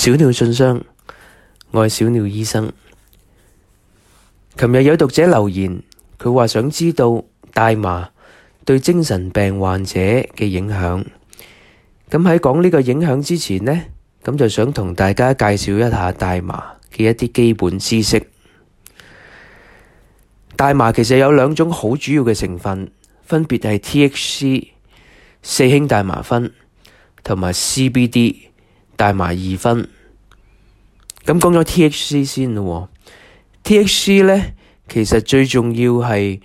小鳥信箱，我係小鳥醫生。琴日有讀者留言，佢話想知道大麻對精神病患者嘅影響。咁喺講呢個影響之前呢，咁就想同大家介紹一下大麻嘅一啲基本知識。大麻其實有兩種好主要嘅成分，分別係 THC 四氫大麻酚同埋 CBD 大麻二酚。咁講咗 THC 先咯，THC 呢其實最重要係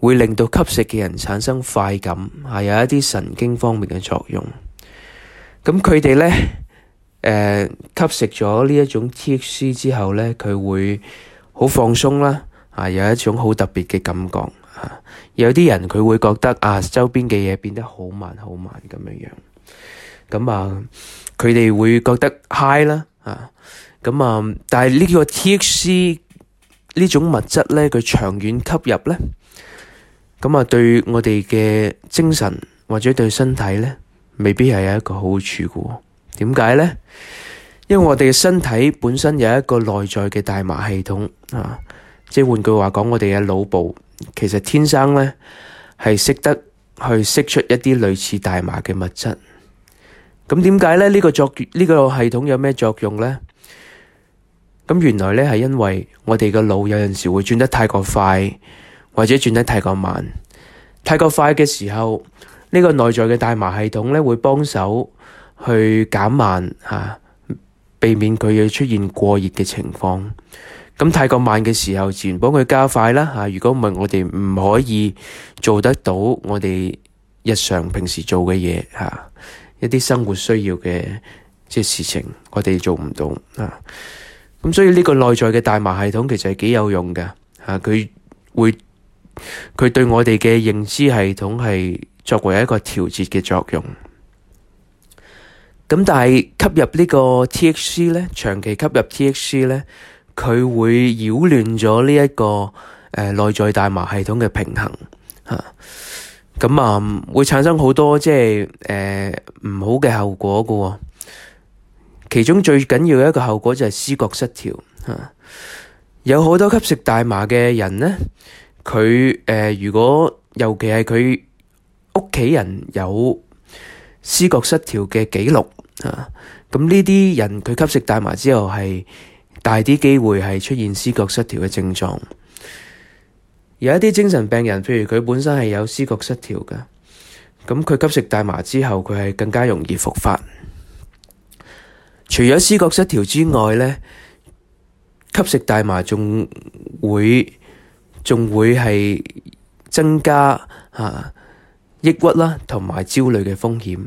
會令到吸食嘅人產生快感，啊有一啲神經方面嘅作用。咁佢哋呢，誒、呃、吸食咗呢一種 THC 之後呢，佢會好放鬆啦，啊有一種好特別嘅感覺，吓有啲人佢會覺得啊周邊嘅嘢變得好慢好慢咁樣樣，咁啊佢哋會覺得嗨啦，啊。咁啊、嗯，但係呢個 THC 呢種物質呢，佢長遠吸入呢。咁、嗯、啊，對我哋嘅精神或者對身體呢，未必係有一個好處嘅。點解呢？因為我哋嘅身體本身有一個內在嘅大麻系統啊，即係換句話講，我哋嘅腦部其實天生呢，係識得去釋出一啲類似大麻嘅物質。咁點解呢？呢、這個作呢、這個系統有咩作用呢？咁原來咧係因為我哋個腦有陣時會轉得太過快，或者轉得太過慢。太過快嘅時候，呢個內在嘅大麻系統咧會幫手去減慢吓，避免佢要出現過熱嘅情況。咁太過慢嘅時候，自然幫佢加快啦吓。如果唔係，我哋唔可以做得到我哋日常平時做嘅嘢吓，一啲生活需要嘅即係事情，我哋做唔到啊。咁所以呢個內在嘅大麻系統其實係幾有用嘅，吓佢會佢對我哋嘅認知系統係作為一個調節嘅作用。咁但係吸入呢個 THC 咧，長期吸入 THC 咧，佢會擾亂咗呢一個誒內在大麻系統嘅平衡，吓咁啊會產生好多即係誒唔好嘅後果嘅喎。其中最緊要嘅一個後果就係思覺失調，吓、啊、有好多吸食大麻嘅人呢，佢誒、呃，如果尤其係佢屋企人有思覺失調嘅記錄，吓咁呢啲人佢吸食大麻之後係大啲機會係出現思覺失調嘅症狀。有一啲精神病人，譬如佢本身係有思覺失調㗎，咁佢吸食大麻之後，佢係更加容易復發。除咗思覺失調之外咧，吸食大麻仲會仲會係增加吓抑鬱啦，同埋焦慮嘅風險。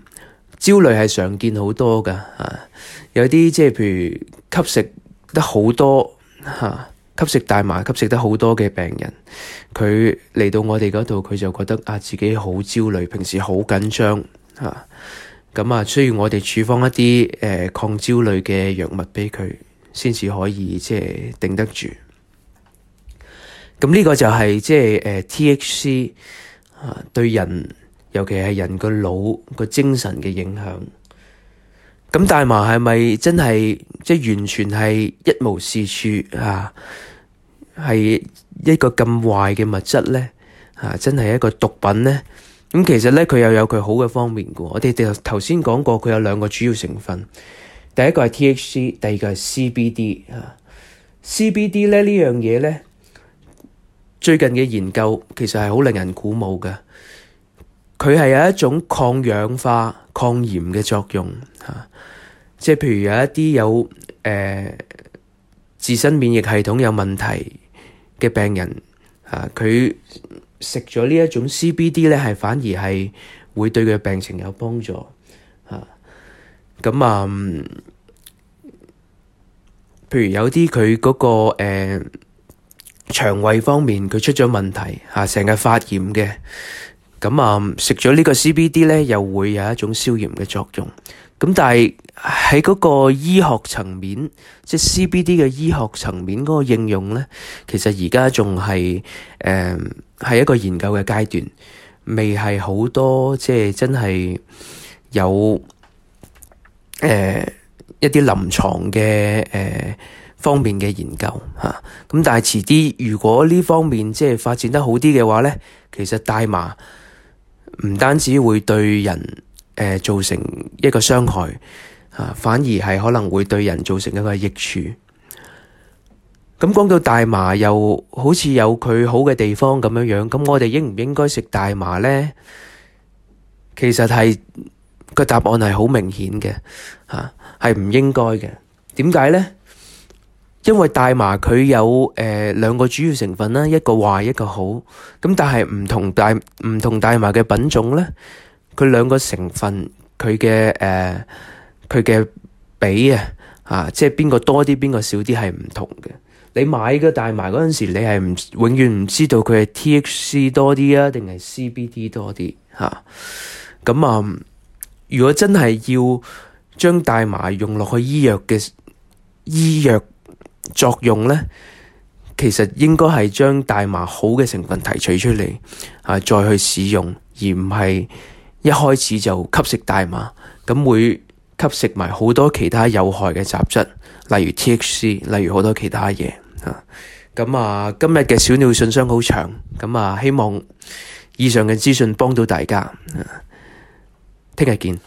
焦慮係常見好多噶吓，有啲即係譬如吸食得好多吓，吸食大麻吸食得好多嘅病人，佢嚟到我哋嗰度，佢就覺得啊自己好焦慮，平時好緊張吓。咁啊，需要我哋處方一啲誒抗焦慮嘅藥物畀佢，先至可以即係頂得住。咁、嗯、呢、這個就係即係誒 THC 啊，對人，尤其係人個腦個精神嘅影響。咁、嗯、大麻係咪真係即係完全係一無是處啊？係一個咁壞嘅物質咧？啊，真係一個毒品咧？咁、嗯、其實咧，佢又有佢好嘅方面嘅。我哋頭先講過，佢有兩個主要成分，第一個係 THC，第二個係、啊、CBD。啊，CBD 咧呢樣嘢咧，最近嘅研究其實係好令人鼓舞嘅。佢係有一種抗氧化、抗炎嘅作用。吓、啊，即係譬如有一啲有誒、呃、自身免疫系統有問題嘅病人，吓、啊、佢。食咗呢一種 C B D 咧，係反而係會對佢病情有幫助吓。咁啊、嗯，譬如有啲佢嗰個誒腸胃方面佢出咗問題吓，啊，成日發炎嘅，咁啊，食咗呢個 C B D 咧，又會有一種消炎嘅作用。咁啊，但係喺嗰個醫學層面，即係 C B D 嘅醫學層面嗰個應用咧，其實而家仲係誒。呃係一個研究嘅階段，未係好多即係真係有誒、呃、一啲臨床嘅誒、呃、方面嘅研究吓，咁、啊、但係遲啲如果呢方面即係發展得好啲嘅話咧，其實大麻唔單止會對人誒、呃、造成一個傷害吓、啊，反而係可能會對人造成一個益處。咁講到大麻，又好似有佢好嘅地方咁樣樣。咁我哋應唔應該食大麻咧？其實係個答案係好明顯嘅，吓係唔應該嘅。點解咧？因為大麻佢有誒、呃、兩個主要成分啦，一個壞，一個好。咁但係唔同大唔同大麻嘅品種咧，佢兩個成分佢嘅誒佢嘅比啊，啊即係邊個多啲，邊個少啲，係唔同嘅。你買嘅大麻嗰陣時，你係唔永遠唔知道佢係 THC 多啲啊，定係 CBD 多啲嚇咁啊。如果真係要將大麻用落去醫藥嘅醫藥作用咧，其實應該係將大麻好嘅成分提取出嚟啊，再去使用，而唔係一開始就吸食大麻，咁會吸食埋好多其他有害嘅雜質，例如 THC，例如好多其他嘢。啊，咁啊，今日嘅小鳥信箱好長，咁啊，希望以上嘅資訊幫到大家，聽日見。